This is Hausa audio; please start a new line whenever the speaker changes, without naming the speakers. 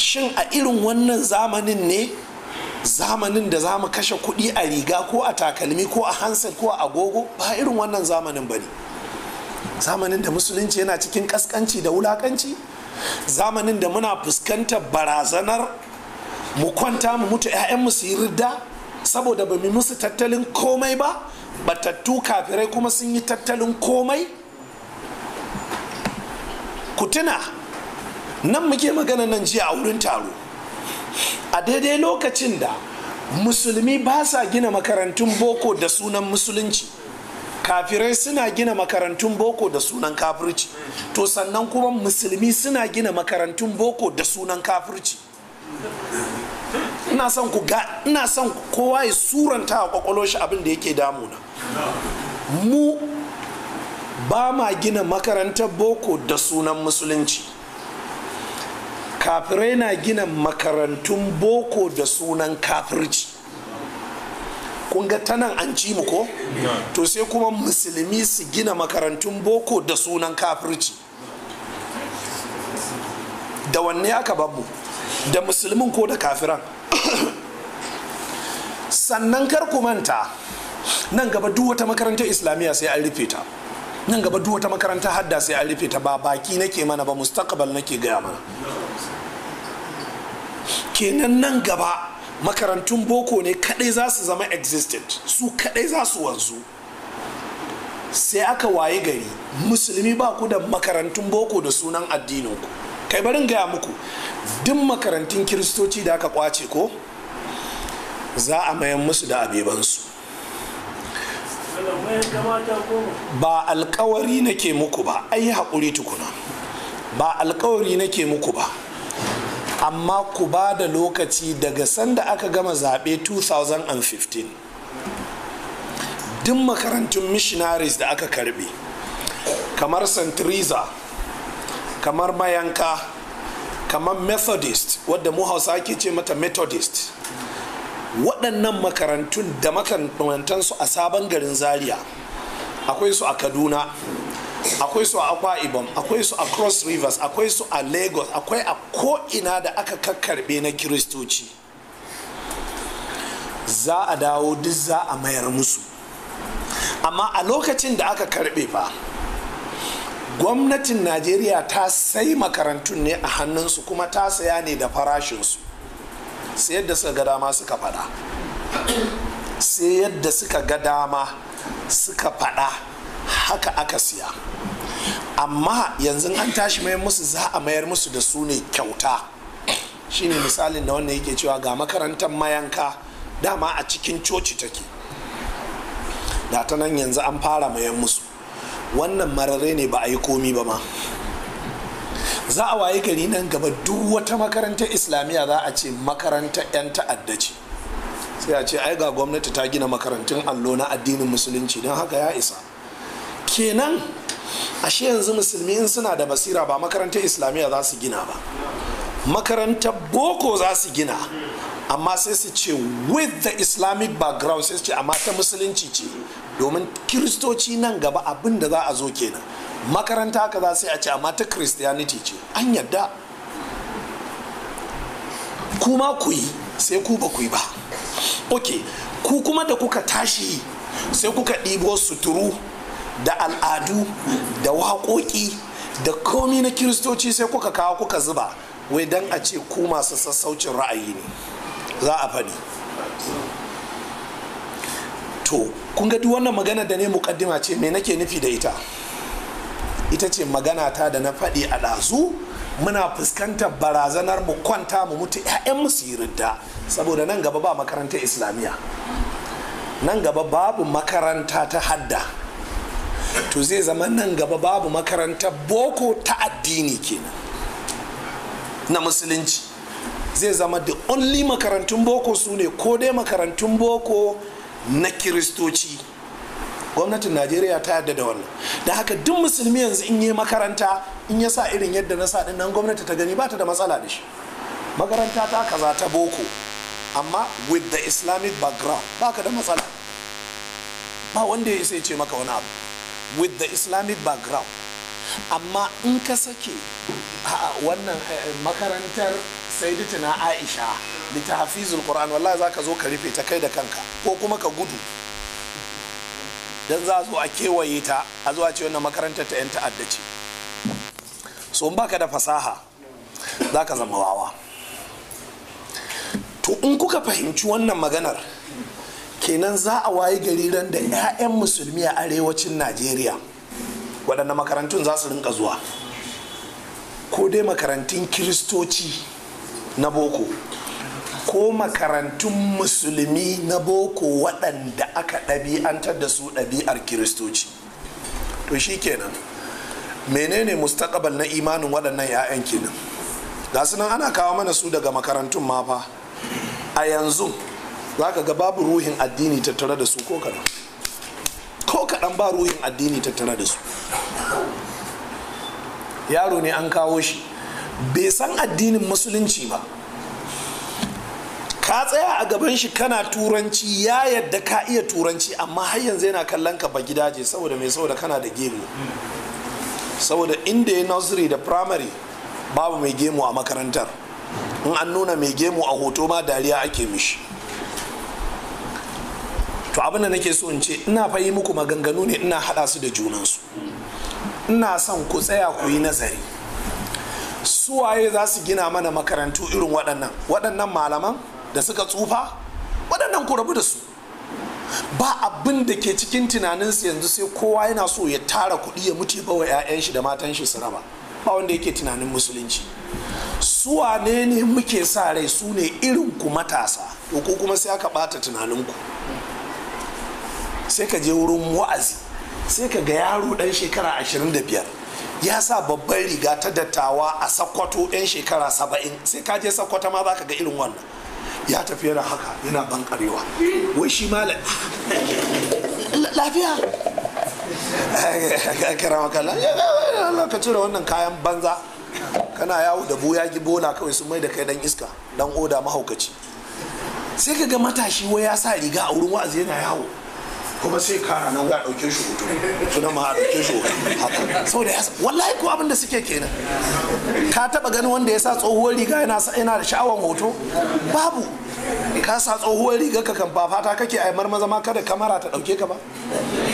shin a irin wannan zamanin ne zamanin da za mu kashe kuɗi a riga ko a takalmi ko a hansar ko a agogo ba irin wannan zamanin ba ne zamanin da musulunci yana cikin ƙasƙanci da wulaƙanci zamanin da muna fuskantar barazanar mu kwanta mu mutu 'ya'yanmu su yi ridda saboda ba mu musu tattalin komai ba batattu kafirai kuma sun yi tattalin komai ku tuna nan muke magana nan jiya a wurin taro a daidai lokacin da musulmi ba sa gina makarantun boko da sunan musulunci kafirai suna gina makarantun boko da sunan kafirci to sannan kuma musulmi suna gina makarantun boko da sunan kafirci ina son ina son kowa ya suranta a kwakwalo shi abin da yake damuna mu ba ma gina makarantar boko da sunan musulunci kafirai na gina makarantun boko da sunan kafirci kun ga tanan an ci mu ko to sai kuma musulmi su gina makarantun boko da sunan kafirci da wanne aka babu da musulmin ko da kafiran sannan kar ku manta nan gaba duk wata makarantar islamiyya sai an rufe ta nan gaba duk wata makarantar hadda sai an rufe ta ba baki nake mana ba mustaqbal nake gaya mana kenan nan gaba makarantun boko ne kadai za su zama existent su kadai za su wanzu sai aka waye gari musulmi ba ku da makarantun boko da sunan addininku kai barin gaya muku duk makarantun kiristoci da aka kwace ko za a mayan musu da abebansu ba alkawari nake muku ba ai haƙuri tukuna ba alkawari nake muku ba amma ku ba da lokaci daga sanda aka gama zaɓe 2015 duk makarantun missionaries da aka karbe kamar st teresa kamar mayanka kamar methodist wadda mu hausa ake ce mata methodist waɗannan makarantun da makarantansu a sabon garin zaria akwai su a kaduna akwai su a akwa ibom akwai su a cross rivers akwai su a lagos akwai a ko'ina da aka kakkarbe na kiristoci za a dawo duk za a mayar musu amma a lokacin da aka karbe fa gwamnatin najeriya ta sai makarantun ne a hannunsu kuma ta saya ne da farashinsu sai yadda suka ga dama suka fada sai yadda suka ga dama suka fada haka aka siya amma yanzu an tashi mai musu za a mayar musu da su ne kyauta shine misalin da wannan yake cewa ga makarantar mayanka dama a cikin coci take da ta nan yanzu an fara mayan musu wannan mararai ne ba a yi komi ba ma za a waye gari nan gaba duk wata makarantar islamiyya za a ce makarantar 'yan ta'adda ce sai a ce ai ga gwamnati ta gina makarantun allo na addinin musulunci don haka ya isa kenan ashe yanzu musulmi in suna da basira ba makarantar islamiyya za su gina ba makarantar boko za su gina amma sai su ce with the islamic background sai su ce amma ta musulunci ce domin kiristoci nan gaba abin da za a zo kenan makaranta haka za sai a ce amma ta christianity ce an yadda kuma ku yi sai ku ba ku yi ba ok ku kuma da kuka tashi sai kuka ɗibo suturu da al'adu da waƙoƙi da komi na kiristoci sai kuka kawo kuka zuba wai dan a ce ku masu sassaucin ra'ayi ne za a faɗi to kun ga duk wannan magana da ne mukaddima ce me nake nufi da ita ita ce magana ta da na faɗi a ɗazu muna fuskantar barazanar mu kwanta mu mutu 'ya'yan musu yi ridda saboda nan gaba ba makarantar islamiyya nan gaba babu makaranta ta hadda to zai zama nan gaba babu makaranta boko ta addini kenan na musulunci zai zama da only makarantun boko su ne ko dai makarantun boko na kiristoci gwamnatin najeriya ta yadda da wannan da haka duk musulmi yanzu in yi makaranta in ya sa irin yadda na sa nan gwamnati ta gani ba ta da matsala da shi makaranta ta kaza ta boko amma with the islamic background ba ka da matsala ba wanda ya isa ya ce maka wani abu with the islamic background amma in ka sake wannan eh, eh, makarantar na aisha da ta hafizul qur'an wallahi za ka zo ka rufe ta kai da kanka ko kuma ka gudu dan za a zo a kewaye ta a zo ce wannan makarantar ta 'yan ta'adda ce so in baka da fasaha za ka zama wawa to in kuka fahimci wannan maganar kenan za a wayi gari ran da 'ya'yan musulmi a arewacin najeriya waɗanda makarantun za su rinka zuwa ko dai makarantun kiristoci na boko ko makarantun musulmi na boko waɗanda aka ɗabi'antar da su ɗabi'ar kiristoci to shi kenan menene mustaqabal na imanin waɗannan 'ya'yan kenan ga nan ana kawo mana su daga makarantun ma a yanzu za ka ga babu ruhin addini tattare da su ko kaɗan ko kaɗan ba ruhin addini tattare da su yaro ne an kawo shi bai san addinin musulunci ba ka tsaya a gaban shi kana turanci ya yadda ka iya turanci amma har yanzu yana kallon ka ba gidaje saboda mai saboda kana da gemu saboda inda ya nursery da primary babu mai gemu a makarantar in an nuna mai gemu a hoto ma dariya ake mishi to abin da nake so in ce ina fa muku maganganu ne ina haɗa su da junansu ina son ku tsaya ku yi nazari suwaye za su gina mana makarantu irin waɗannan waɗannan malaman da suka tsufa waɗannan ku rabu da su ba abin da ke cikin tunaninsu yanzu sai kowa yana so ya tara kuɗi ya mutu bawa 'ya'yan shi da matan shi su raba ba wanda yake tunanin musulunci su wane ne muke sa rai su ne irin ku matasa to ko kuma sai aka ɓata tunaninku sai ka je wurin wa'azi sai ka ga yaro dan shekara 25 ya sa babban riga ta dattawa a sakwato yan shekara 70 sai ka je sakwata ma za ka ga irin wannan ya tafi yana haka yana karewa wai shi ma lafiya karama kala Allah ka wannan kayan banza kana yawo da buya bola kawai sun mai da kai dan iska dan oda mahaukaci sai ka ga matashi wai ya sa riga a wurin wa'azi yana yawo kuma sai ka nan za a ɗauke shi hoto sunan ma a ɗauke shi hoto saboda ya wallahi ko abin da suke kenan ka taba ganin wanda ya sa tsohuwar riga yana da sha'awar hoto babu ka sa tsohuwar riga ka kan ba fata kake a marmaza ma kada kamara ta ɗauke ka ba